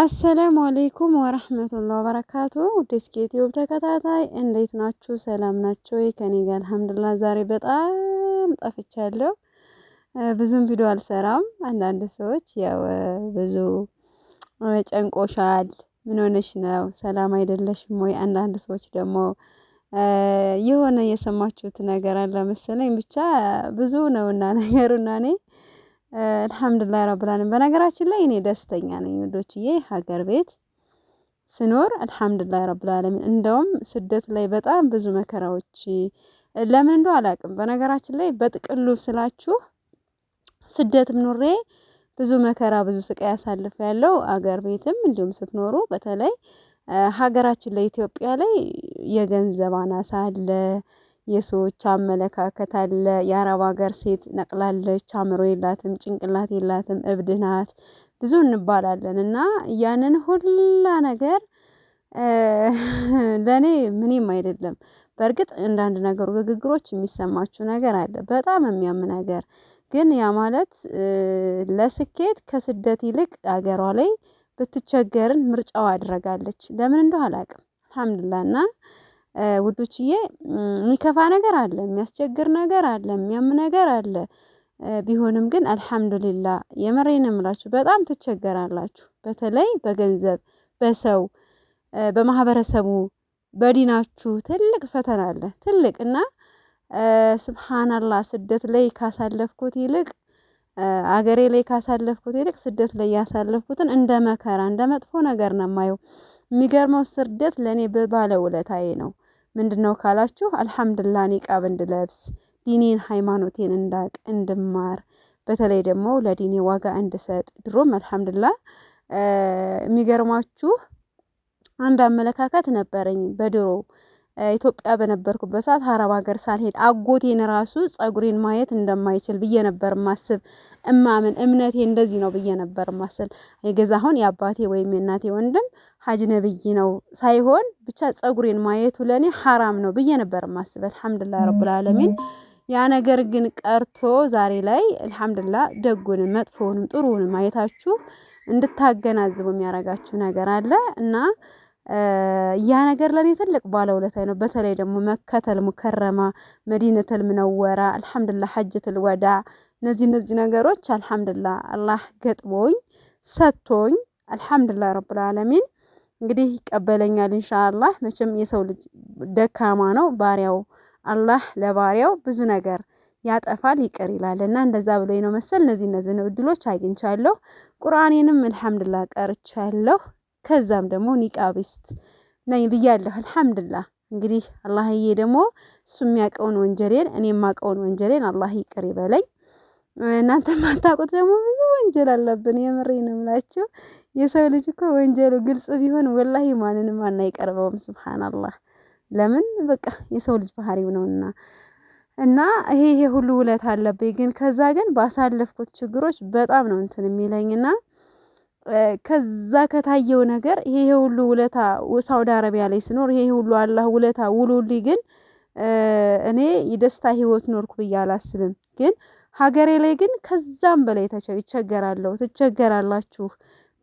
አሰላሙ አሌይኩም ወረህመቱላህ ወበረካቱ ዲስክ ዩቲዩብ ተከታታይ እንዴት ናችሁ? ሰላም ናችሁ? ከኔ ጋር አልሐምዱሊላህ። ዛሬ በጣም ጠፍቻለሁ። ብዙም ቪዲዮ አልሰራም። አንዳንድ ሰዎች ያው ብዙ ጨንቆሻል፣ ምን ሆነሽ ነው፣ ሰላም አይደለሽም ወይ? አንዳንድ ሰዎች ደግሞ የሆነ የሰማችሁት ነገር አለ መሰለኝ። ብቻ ብዙ ነውና ነገሩና እኔ አልሐምዱሊላህ ረብላንም በነገራችን ላይ እኔ ደስተኛ ነኝ ውዶችዬ፣ ሀገር ቤት ስኖር አልሐምዱሊላህ ረብላንም። እንደውም ስደት ላይ በጣም ብዙ መከራዎች ለምን እንደው አላውቅም። በነገራችን ላይ በጥቅሉ ስላችሁ ስደትም ኑሬ ብዙ መከራ ብዙ ስቃይ ያሳልፍ ያለው አገር ቤትም እንዲሁም ስትኖሩ በተለይ ሀገራችን ላይ ኢትዮጵያ ላይ የገንዘብ አናሳ አለ። የሰዎች አመለካከት አለ። የአረብ ሀገር ሴት ነቅላለች፣ አእምሮ የላትም፣ ጭንቅላት የላትም፣ እብድ ናት ብዙ እንባላለን እና ያንን ሁላ ነገር ለእኔ ምንም አይደለም። በእርግጥ አንዳንድ ነገሩ ንግግሮች የሚሰማችሁ ነገር አለ በጣም የሚያም ነገር ግን ያ ማለት ለስኬት ከስደት ይልቅ አገሯ ላይ ብትቸገርን ምርጫው አድረጋለች። ለምን እንደው አላውቅም። አልሀምድሊላሂ እና ውዶችዬ የሚከፋ ነገር አለ፣ የሚያስቸግር ነገር አለ፣ የሚያም ነገር አለ። ቢሆንም ግን አልሐምዱሊላ የመሬን እምላችሁ በጣም ትቸገራላችሁ። በተለይ በገንዘብ፣ በሰው፣ በማህበረሰቡ፣ በዲናችሁ ትልቅ ፈተና አለ ትልቅ እና ስብሓናላ ስደት ላይ ካሳለፍኩት ይልቅ አገሬ ላይ ካሳለፍኩት ይልቅ ስደት ላይ ያሳለፍኩትን እንደ መከራ እንደ መጥፎ ነገር ነው የማየው። የሚገርመው ስደት ለእኔ ባለውለታዬ ነው። ምንድን ነው ካላችሁ፣ አልሐምድላ ኒቃብ እንድለብስ ዲኔን ሃይማኖቴን እንዳቅ እንድማር፣ በተለይ ደግሞ ለዲኔ ዋጋ እንድሰጥ። ድሮም አልሐምድላ የሚገርማችሁ አንድ አመለካከት ነበረኝ በድሮ ኢትዮጵያ በነበርኩበት ሰዓት አረብ ሀገር ሳልሄድ አጎቴን ራሱ ጸጉሬን ማየት እንደማይችል ብዬ ነበር ማስብ። እማምን እምነቴ እንደዚህ ነው ብዬ ነበር ማስል የገዛ አሁን የአባቴ ወይም የእናቴ ወንድም ሀጅ ነብይ ነው ሳይሆን ብቻ ጸጉሬን ማየቱ ለእኔ ሀራም ነው ብዬ ነበር ማስበ አልሐምዱላ ረብል አለሚን ያ ነገር ግን ቀርቶ ዛሬ ላይ አልሐምዱላ ደጉንም መጥፎውንም ጥሩውንም ማየታችሁ እንድታገናዝቡ የሚያረጋችሁ ነገር አለ እና ያ ነገር ለኔ ትልቅ ባለውለታ ነው። በተለይ ደግሞ መከተል ሙከረማ መዲነተል ምነወራ አልሐምዱላ ሀጀተል ወዳ እነዚህ እነዚህ ነገሮች አልሐምዱላ አላህ ገጥሞኝ ሰጥቶኝ አልሐምዱላ ረብልዓለሚን። እንግዲህ ይቀበለኛል ኢንሻአላህ። መቼም የሰው ልጅ ደካማ ነው ባሪያው። አላህ ለባሪያው ብዙ ነገር ያጠፋል ይቅር ይላል እና እንደዛ ብሎ ነው መሰል እነዚህ እነዚህ እድሎች አግኝቻለሁ። ቁርአኔንም አልሐምዱላ ቀርቻለሁ። ከዛም ደግሞ ኒቃቢስት ነኝ ብያለሁ አልሐምዱላ። እንግዲህ አላህዬ ደግሞ እሱ የሚያውቀውን ወንጀሌን እኔ የማውቀውን ወንጀሌን አላህ ይቅር ይበለኝ። እናንተ የማታውቁት ደግሞ ብዙ ወንጀል አለብን። የምሬ ነው የምላችሁ። የሰው ልጅ እኮ ወንጀሉ ግልጽ ቢሆን ወላሂ ማንንም አናይቀርበውም። ስብሓናላህ ለምን በቃ የሰው ልጅ ባህሪው ነውና እና ይሄ ይሄ ሁሉ ውለት አለብኝ። ግን ከዛ ግን ባሳለፍኩት ችግሮች በጣም ነው እንትን የሚለኝና ከዛ ከታየው ነገር ይሄ ይሄ ሁሉ ውለታ ሳውዲ አረቢያ ላይ ስኖር ይሄ ሁሉ አላህ ውለታ ውሎልኝ፣ ግን እኔ የደስታ ህይወት ኖርኩ ብዬ አላስብም ግን ሀገሬ ላይ ግን ከዛም በላይ ይቸገራለሁ፣ ትቸገራላችሁ።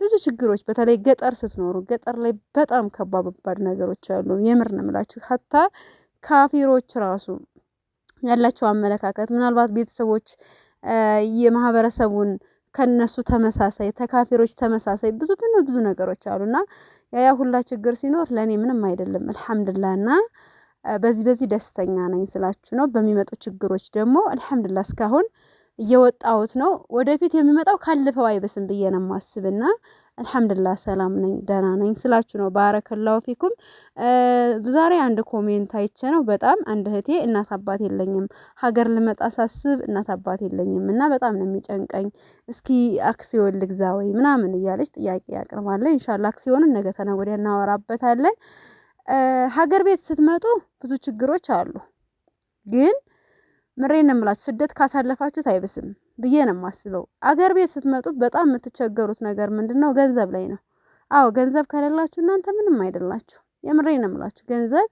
ብዙ ችግሮች በተለይ ገጠር ስትኖሩ ገጠር ላይ በጣም ከባባድ ነገሮች አሉ። የምር ነው የምላችሁ። ሀታ ካፊሮች ራሱ ያላቸው አመለካከት ምናልባት ቤተሰቦች የማህበረሰቡን ከነሱ ተመሳሳይ ተካፊሮች ተመሳሳይ ብዙ ብዙ ነገሮች አሉና ያ ሁላ ችግር ሲኖር ለእኔ ምንም አይደለም። አልሐምዱሊላህ እና በዚህ በዚህ ደስተኛ ነኝ ስላችሁ ነው። በሚመጡ ችግሮች ደግሞ አልሐምዱሊላህ እስካሁን እየወጣሁት ነው። ወደፊት የሚመጣው ካለፈው አይበስም ብዬ ነው ማስብና አልሐምዱሊላህ ሰላም ነኝ ደህና ነኝ ስላችሁ ነው። ባረከላሁ ፊኩም። ዛሬ አንድ ኮሜንት አይቼ ነው በጣም አንድ እህቴ እናት አባት የለኝም፣ ሀገር ልመጣ ሳስብ እናት አባት የለኝም እና በጣም ነው የሚጨንቀኝ፣ እስኪ አክሲዮን ልግዛ ወይ ምናምን እያለች ጥያቄ ያቅርባለች። ኢንሻአላህ አክሲዮንን ነገ ተነገ ወዲያ እናወራበታለን። ሀገር ቤት ስትመጡ ብዙ ችግሮች አሉ። ግን ምሬን ነው የምላችሁ ስደት ካሳለፋችሁት አይብስም ብዬ ነው የማስበው። አገር ቤት ስትመጡ በጣም የምትቸገሩት ነገር ምንድን ነው? ገንዘብ ላይ ነው። አዎ ገንዘብ ከሌላችሁ እናንተ ምንም አይደላችሁ። የምሬ ነው የምላችሁ ገንዘብ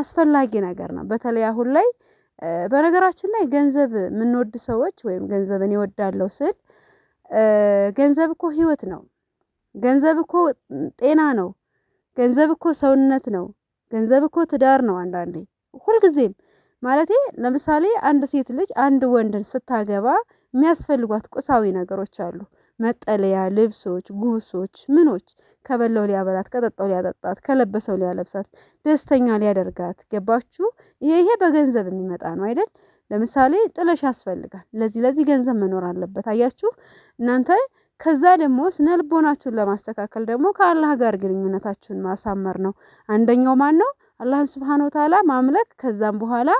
አስፈላጊ ነገር ነው። በተለይ አሁን ላይ በነገራችን ላይ ገንዘብ የምንወድ ሰዎች ወይም ገንዘብን ይወዳለው ስል ገንዘብ እኮ ህይወት ነው። ገንዘብ እኮ ጤና ነው። ገንዘብ እኮ ሰውነት ነው። ገንዘብ እኮ ትዳር ነው። አንዳንዴ ሁልጊዜም ማለቴ ለምሳሌ አንድ ሴት ልጅ አንድ ወንድን ስታገባ የሚያስፈልጓት ቁሳዊ ነገሮች አሉ። መጠለያ፣ ልብሶች፣ ጉሶች፣ ምኖች ከበላው ሊያበላት፣ ከጠጣው ሊያጠጣት፣ ከለበሰው ሊያለብሳት፣ ደስተኛ ሊያደርጋት። ገባችሁ? ይሄ ይሄ በገንዘብ የሚመጣ ነው አይደል? ለምሳሌ ጥለሽ ያስፈልጋል። ለዚህ ለዚህ ገንዘብ መኖር አለበት። አያችሁ እናንተ ከዛ ደግሞ ስነ ልቦናችሁን ለማስተካከል ደግሞ ከአላህ ጋር ግንኙነታችሁን ማሳመር ነው። አንደኛው ማን ነው? አላህን ስብሓን ወተዓላ ማምለክ፣ ከዛም በኋላ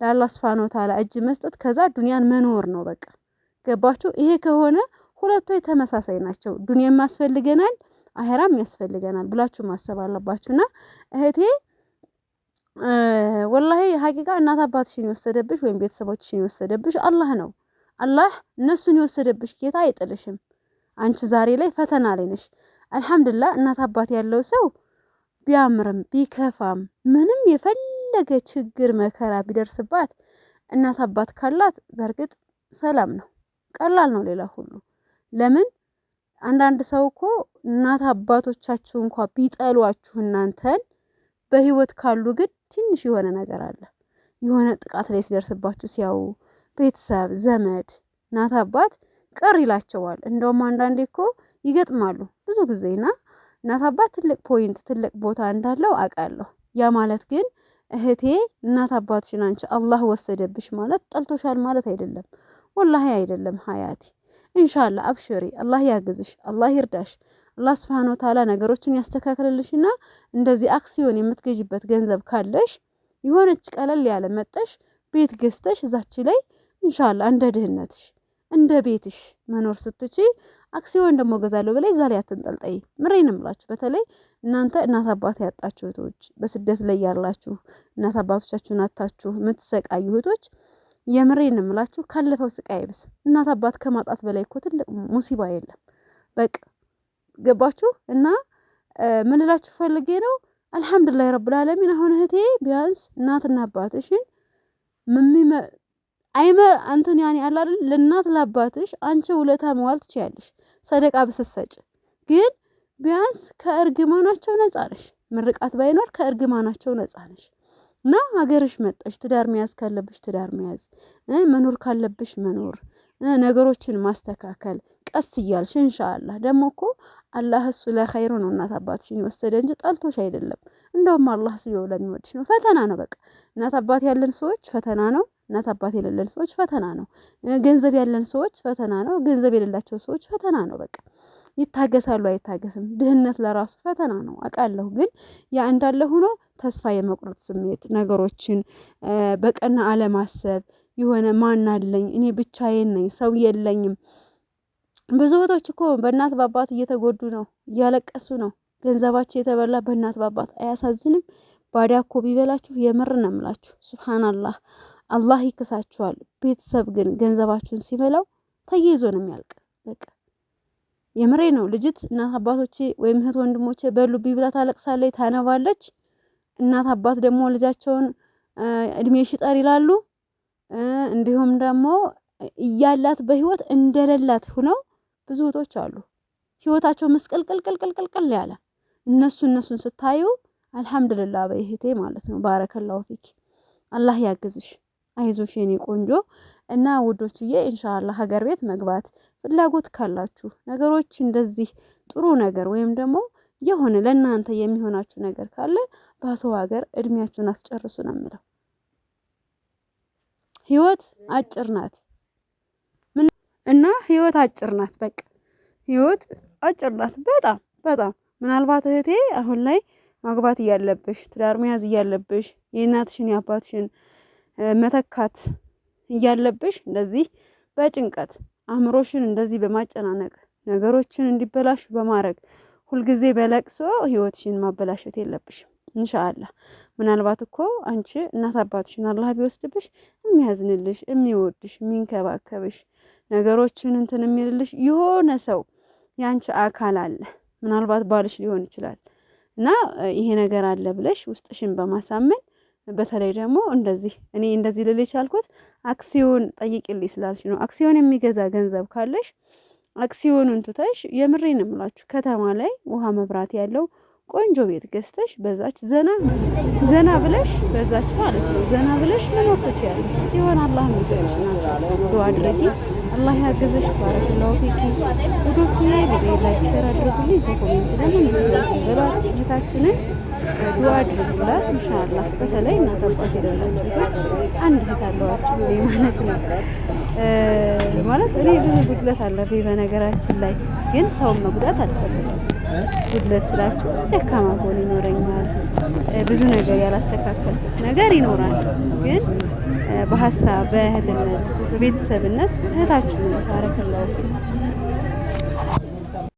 ለአላህ ስብሓን ወተዓላ እጅ መስጠት፣ ከዛ ዱንያን መኖር ነው። በቃ ገባችሁ? ይሄ ከሆነ ሁለቱ ተመሳሳይ ናቸው። ዱንያም ያስፈልገናል፣ አሄራም ያስፈልገናል ብላችሁ ማሰብ አለባችሁና እህቴ ወላሂ ሀቂቃ እናት አባትሽን የወሰደብሽ ወይም ቤተሰቦችሽን የወሰደብሽ አላህ ነው። አላህ እነሱን የወሰደብሽ ጌታ አይጥልሽም። አንቺ ዛሬ ላይ ፈተና ላይ ነሽ። አልሐምዱላ እናት አባት ያለው ሰው ቢያምርም ቢከፋም ምንም የፈለገ ችግር መከራ ቢደርስባት እናት አባት ካላት በእርግጥ ሰላም ነው፣ ቀላል ነው ሌላ ሁሉ። ለምን አንዳንድ ሰው እኮ እናት አባቶቻችሁ እንኳ ቢጠሏችሁ እናንተን በህይወት ካሉ ግን ትንሽ የሆነ ነገር አለ። የሆነ ጥቃት ላይ ሲደርስባችሁ ሲያዩ ቤተሰብ ዘመድ እናት አባት ቅር ይላቸዋል። እንደውም አንዳንዴ እኮ ይገጥማሉ ብዙ ጊዜና እናት አባት ትልቅ ፖይንት ትልቅ ቦታ እንዳለው አውቃለሁ። ያ ማለት ግን እህቴ እናት አባትሽን አንቺ አላህ ወሰደብሽ ማለት ጠልቶሻል ማለት አይደለም። ወላሂ አይደለም ሀያቲ። እንሻላ አብሽሪ፣ አላህ ያግዝሽ፣ አላህ ይርዳሽ። አላህ ስብሓን ወተዓላ ነገሮችን ያስተካክልልሽና እንደዚህ አክሲዮን የምትገዥበት ገንዘብ ካለሽ የሆነች ቀለል ያለ መጠሽ ቤት ገዝተሽ እዛች ላይ እንሻላ እንደ ድህነትሽ እንደ ቤትሽ መኖር ስትቺ አክሲዮን ደግሞ ገዛለሁ በላይ ዛሬ አትንጠልጠይ። ነው ምላችሁ። በተለይ እናንተ እናት አባት ያጣችሁ እህቶች፣ በስደት ላይ ያላችሁ እናት አባቶቻችሁን አታችሁ የምትሰቃዩ እህቶች ነው እምላችሁ ካለፈው ስቃይ አይብስም። እናት አባት ከማጣት በላይ እኮ ትልቅ ሙሲባ የለም። በቃ ገባችሁ እና ምን ላችሁ ፈልጌ ነው። አልሐምዱሊላህ ረብል ዓለሚን። አሁን እህቴ ቢያንስ እናትና አባትሽን አይመ እንትን ያኔ አለ አይደል ለእናት ለአባትሽ አንቺ ውለታ መዋል ትችያለሽ፣ ሰደቃ ብስሰጭ ግን ቢያንስ ከእርግማናቸው ነጻ ነሽ። ምርቃት ባይኖር ከእርግማናቸው ነጻ ነሽ እና ሀገርሽ መጣሽ፣ ትዳር መያዝ ካለብሽ ትዳር መያዝ፣ መኖር ካለብሽ መኖር፣ ነገሮችን ማስተካከል ቀስ እያልሽ እንሻአላ። ደግሞ እኮ አላህ እሱ ለኸይሩ ነው እናት አባትሽን የወሰደ እንጂ ጠልቶሽ አይደለም። እንደውም አላህ ስየው ለሚወድሽ ነው። ፈተና ነው በቃ እናት አባት ያለን ሰዎች ፈተና ነው። እናት አባት የሌለን ሰዎች ፈተና ነው። ገንዘብ ያለን ሰዎች ፈተና ነው። ገንዘብ የሌላቸው ሰዎች ፈተና ነው። በቃ ይታገሳሉ አይታገስም። ድህነት ለራሱ ፈተና ነው አውቃለሁ። ግን ያ እንዳለ ሆኖ ተስፋ የመቁረጥ ስሜት፣ ነገሮችን በቀና አለማሰብ፣ የሆነ ማን አለኝ እኔ ብቻዬን ነኝ ሰው የለኝም። ብዙ እህቶች እኮ በእናት በአባት እየተጎዱ ነው፣ እያለቀሱ ነው። ገንዘባቸው የተበላ በእናት በአባት አያሳዝንም? ባዳ ቢበላችሁ የምር ነው የምላችሁ። አላህ ይክሳችኋል። ቤተሰብ ግን ገንዘባችሁን ሲበላው ተያይዞ ነው የሚያልቅ። በቃ የምሬ ነው። ልጅት እናት አባቶቼ ወይም እህት ወንድሞቼ በሉብኝ ብላ ታለቅሳለች፣ ታነባለች። እናት አባት ደግሞ ልጃቸውን እድሜ ሽጠር ይላሉ። እንዲሁም ደግሞ እያላት በህይወት እንደሌላት ሁነው ብዙ እህቶች አሉ። ህይወታቸው ምስቅልቅልቅልቅልቅል ያለ እነሱ እነሱን ስታዩ አልሐምዱልላ በይህቴ ማለት ነው። ባረከላሁ ፊክ አላህ ያግዝሽ። አይዞሽ የኔ ቆንጆ እና ውዶችዬ እንሻላ ሀገር ቤት መግባት ፍላጎት ካላችሁ ነገሮች እንደዚህ ጥሩ ነገር ወይም ደግሞ የሆነ ለእናንተ የሚሆናችሁ ነገር ካለ በሰው ሀገር እድሜያችሁን አስጨርሱ ነው የምለው። ህይወት አጭር ናት እና ህይወት አጭር ናት። በቃ ህይወት አጭር ናት። በጣም በጣም ምናልባት እህቴ አሁን ላይ ማግባት እያለብሽ ትዳር መያዝ እያለብሽ የእናትሽን የአባትሽን መተካት እያለብሽ እንደዚህ በጭንቀት አእምሮሽን እንደዚህ በማጨናነቅ ነገሮችን እንዲበላሹ በማድረግ ሁልጊዜ በለቅሶ ህይወትሽን ማበላሸት የለብሽም። እንሻአላ ምናልባት እኮ አንቺ እናት አባትሽን አላህ ቢወስድብሽ የሚያዝንልሽ፣ የሚወድሽ፣ የሚንከባከብሽ ነገሮችን እንትን የሚልልሽ የሆነ ሰው የአንቺ አካል አለ። ምናልባት ባልሽ ሊሆን ይችላል እና ይሄ ነገር አለ ብለሽ ውስጥሽን በማሳመን በተለይ ደግሞ እንደዚህ እኔ እንደዚህ ልል የቻልኩት አክሲዮን ጠይቅልኝ ስላልሽ ነው። አክሲዮን የሚገዛ ገንዘብ ካለሽ አክሲዮኑን ትተሽ የምሬን እምላችሁ ከተማ ላይ ውሃ መብራት ያለው ቆንጆ ቤት ገዝተሽ በዛች ዘና ዘና ብለሽ በዛች ማለት ነው ዘና ብለሽ መኖር ትችያለሽ። ሲሆን አላህ የሚሰጥሽ ዱዓ አድረጊ። አላህ ያገዘሽ። ባረክላሁ ፊኪ ውዶችን ላይ ቪዲዮ ላይክ ሸር አድርጉልኝ። በኮሜንት ደግሞ ምትወት በሏት ቤታችንን ዱዓ አድርጉላት ኢንሻአላህ። በተለይ እናት አባት የሌላቸው እህቶች አንድ እህት አለዋቸው። እኔ ማለት ነው። ማለት እኔ ብዙ ጉድለት አለብኝ በነገራችን ላይ ግን ሰውን መጉዳት አልፈልግም። ጉድለት ስላችሁ ደካማ ጎን ይኖረኛል፣ ብዙ ነገር ያላስተካከልኩት ነገር ይኖራል። ግን በሀሳብ በእህትነት በቤተሰብነት እህታችሁ ነው ባረከላሁ